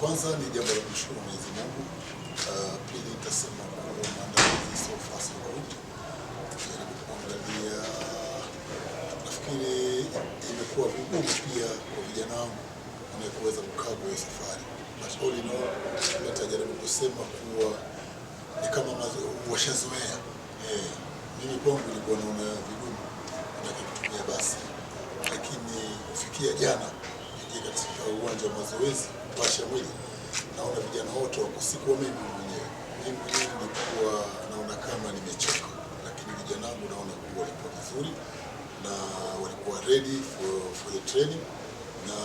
Kwanza ni jambo la kushukuru Mwenyezi Mungu. Uh, pili nitasema kwa maandalizi so far so good. kuangalia, uh, nafikiri imekuwa vigumu pia kwa vijana wangu kuweza kukaa kwa safari, but all in all nitajaribu kusema kuwa ni kama washazoea. Eh, mimi kwangu nilikuwa naona vigumu kutumia basi, lakini kufikia jana katika uwanja wa mazoezi pasha mwili, naona vijana wote wako, sikuwa mimi mwenyewe. Mimi mwenyewe nilikuwa naona kama nimechoka, lakini vijana wangu naona walikuwa vizuri na walikuwa ready for, for the training, na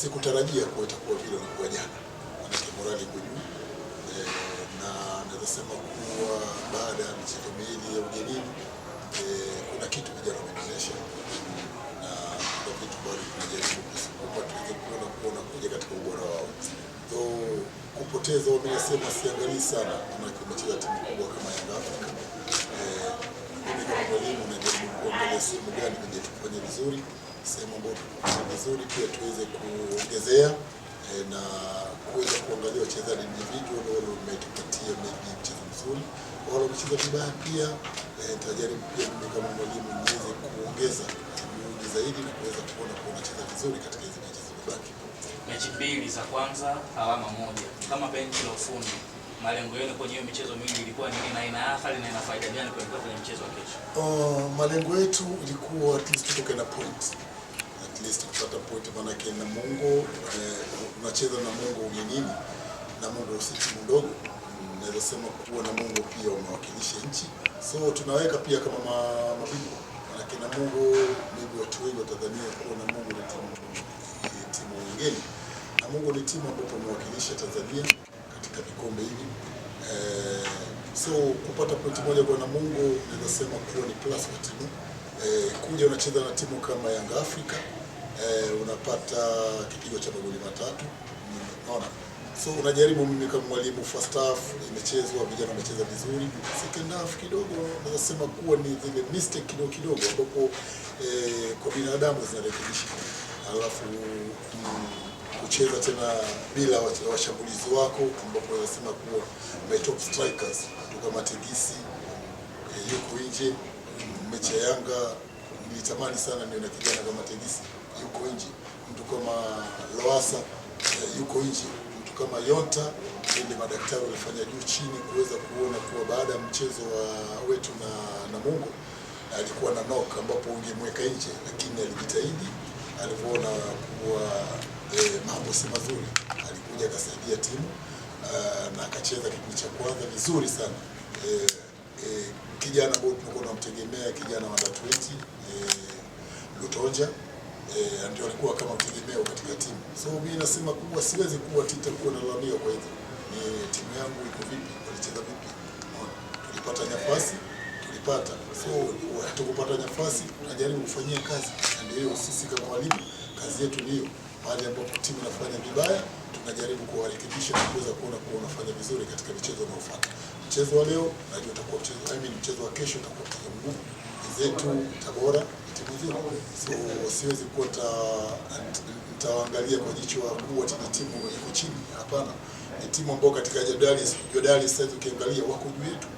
sikutarajia kuwa itakuwa vile walikuwa jana, manake morali iko juu eh, na naweza sema kuwa baada ya michezo miwili ya ugenini eh, kuna kitu kupoteza mimi wamenasema siangalii sana, manake umecheza timu kubwa kama Yanga Afrika. Eh, mimi kama mwalimu najaribu kuangalia sehemu gani tuje tufanye vizuri, sehemu ambayo tufanye vizuri pia tuweze kuongezea eh, na kuweza kuangalia wachezaji individual wale wametupatia maybe mchezo mzuri, wale wamecheza vibaya pia eh, Tajaribu pia mimi kama mwalimu niweze kuongeza juhudi zaidi na kuweza kuona kuwa wanacheza vizuri katika hizo mechi zilizobaki mechi mbili za kwanza alama moja. Kama benchi la ufundi, malengo yenu kwenye hiyo michezo mingi ilikuwa nini na ina athari na ina faida gani kuelekea kwenye mchezo wa kesho? Uh, malengo yetu ilikuwa at least tutoke na point, at least kupata point, maana yake na Mungu eh, unacheza eh, na Mungu ugenini, na Mungu si timu ndogo, naweza sema kuwa na Mungu pia umewakilisha nchi, so tunaweka pia kama mabingwa maana maanake na Mungu, watu wengi watadhania kuwa na Mungu ni timu timu wengine ni timu ambayo wamewakilisha Tanzania katika vikombe hivi eh, so kupata pointi moja kwa Namungo naweza sema kuwa ni plus kwa timu eh, kuja unacheza na timu kama Yanga Afrika eh, unapata kipigo cha magoli matatu unaona so unajaribu. Mimi kama mwalimu, first half imechezwa, vijana wamecheza vizuri. Second half kidogo naweza sema kuwa ni zile mistake kidogo kidogo ambapo eh, kwa binadamu zinarekebishika, alafu mm, kucheza tena bila washambulizi wako, ambapo wanasema kuwa my top strikers kutoka Mategisi eh, yuko nje. Mechi ya Yanga nilitamani sana na kijana kama Mategisi yuko nje, mtu kama Lowassa eh, yuko nje, mtu kama Yonta ile madaktari walifanya juu chini kuweza kuona kuwa baada ya mchezo wa wetu na Namungo alikuwa na knock ambapo ungemweka nje, lakini alijitahidi alipoona kuwa eh, mambo si mazuri. Alikuja akasaidia timu uh, na akacheza kipindi cha kwanza vizuri sana eh, eh, kijana ambao tulikuwa tunamtegemea kijana wa 20 eh, Lutonja eh, ndio alikuwa kama mtegemeo katika timu. So mimi nasema kubwa, siwezi kuwa Tite kuwa nalalamiwa kwa hizo ni eh, e, timu yangu iko vipi, walicheza vipi, tulipata nafasi tulipata, so hatukupata nafasi, tunajaribu kufanyia kazi, ndio sisi kama walimu kazi yetu ndio pale ambapo timu inafanya vibaya tunajaribu kuwarekebisha na kuweza kuona kuwa unafanya vizuri katika michezo inayofuata. Mchezo wa leo najua utakuwa mchezo, I mean mchezo wa kesho utakuwa mchezo mgumu. Wenzetu Tabora timu nzuri, so siwezi kuwa nitaangalia kwa jicho la kuwa tena timu iko chini, hapana. Ni timu ambayo katika jadali jadali sasa tukiangalia wako juu yetu,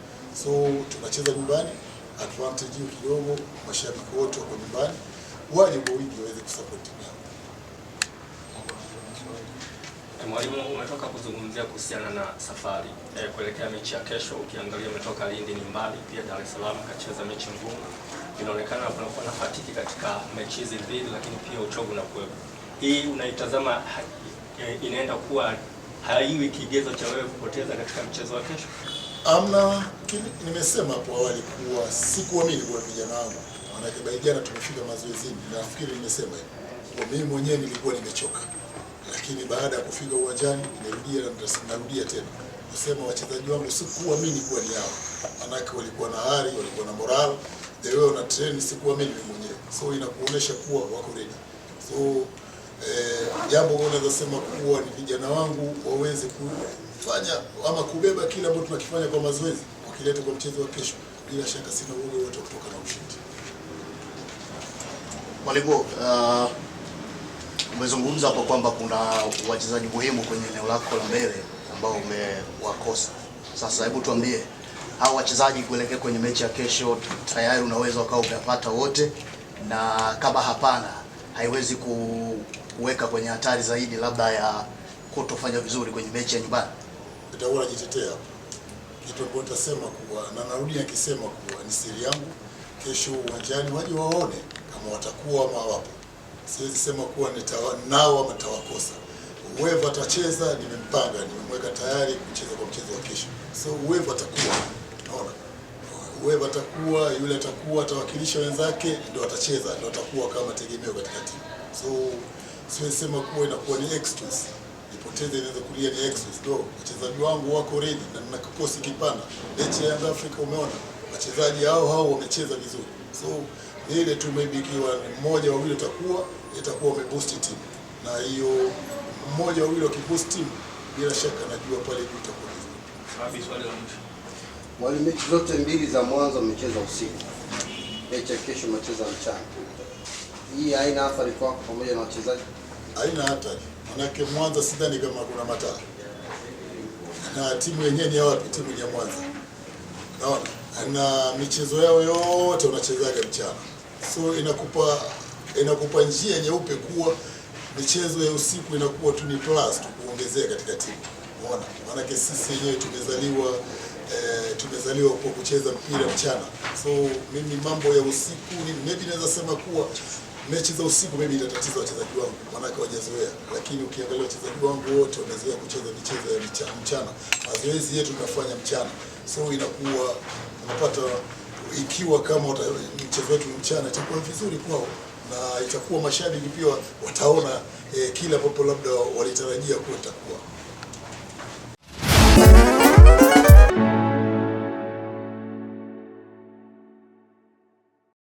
so tunacheza nyumbani, advantage kidogo. Mashabiki wote wako nyumbani, waje kwa wingi waweze kusupport timu yao. Mwalimu, umetoka kuzungumzia kuhusiana na safari e, kuelekea mechi ya kesho. Ukiangalia umetoka Lindi, ni mbali pia, Dar es Salaam kacheza mechi ngumu, inaonekana kunakuwa na fatiki katika mechi hizi mbili, lakini pia uchovu na kuwepo. Hii unaitazama eh, inaenda kuwa haiwi kigezo cha wewe kupoteza katika mchezo wa kesho? Amna, nimesema hapo awali kuwa sikuamini kwa vijana wangu, maanake Baijana tumefika mazoezini, nafikiri nimesema hivyo, kwa mimi mwenyewe nilikuwa nimechoka lakini baada ya kufika uwanjani nirudia na narudia tena kusema wachezaji wangu sikuamini kuwa ni hao, manake walikuwa na hari, walikuwa na moral the way na train, sikuamini mimi mwenyewe, so inakuonesha kuwa wako ready. So eh, jambo eh, naweza sema kuwa ni vijana wangu waweze kufanya ama kubeba kile ambacho tunakifanya kwa mazoezi, wakileta kwa mchezo wa kesho, bila shaka sina uoga wote kutoka na ushindi. Mwalimu uh umezungumza hapo kwamba kuna wachezaji muhimu kwenye eneo lako la mbele ambao umewakosa. Sasa hebu tuambie hao wachezaji kuelekea kwenye mechi ya kesho, tayari unaweza ukawa umewapata wote, na kama hapana, haiwezi kuweka kwenye hatari zaidi labda ya kutofanya vizuri kwenye mechi ya nyumbani. Itakuwa najitetea kitu ambacho nitasema kuwa na narudi akisema kuwa ni siri yangu. Kesho uwanjani waje waone kama watakuwa ama hawapo siwezi sema kuwa nao ama nitawakosa. Uwevu atacheza, nimempanga, nimemweka tayari kucheza kwa mchezo wa kesho, so uwevu atakuwa naona Uwevu atakuwa yule, atakuwa atawakilisha wenzake, ndio atacheza, ndio atakuwa kama tegemeo katika timu. So siwezi sema kuwa inakuwa ni excuse nipoteze, inaweza kulia ni excuse Ndio Wachezaji wangu wako ready na nina kikosi kipana. Mechi ya Yanga Afrika umeona wachezaji hao hao wamecheza vizuri so ile tu maybe ikiwa mmoja wawili utakuwa itakuwa umeboost team, na hiyo mmoja wawili wakiboost team, bila shaka najua pale juu itakuwa hivyo. Swali la mwisho, wale mechi zote mbili za mwanzo wamecheza usiku, mechi ya kesho macheza mchana. Hii haina athari kwako pamoja na wachezaji? Haina athari, manake Mwanza sidhani kama kuna mataa, na timu yenyewe ni ya wapi? Timu ya Mwanza, naona na michezo yao yote unachezaga mchana, so inakupa inakupa njia nyeupe kuwa michezo ya usiku inakuwa tu ni plus tu kuongezea katika timu. Unaona, maanake sisi wenyewe tumezaliwa eh, tumezaliwa kwa kucheza mpira mchana, so mimi mambo ya usiku maybe naweza sema kuwa mechi za usiku mimi itatatiza wachezaji wangu, maanake wajazoea, lakini ukiangalia wachezaji wangu wote wamezoea kucheza michezo ya mchana. Mazoezi yetu tunafanya mchana, so inakuwa unapata, ikiwa kama mchezo wetu mchana itakuwa vizuri kwao na itakuwa mashabiki pia wataona eh, kila ambapo labda walitarajia kuwa itakuwa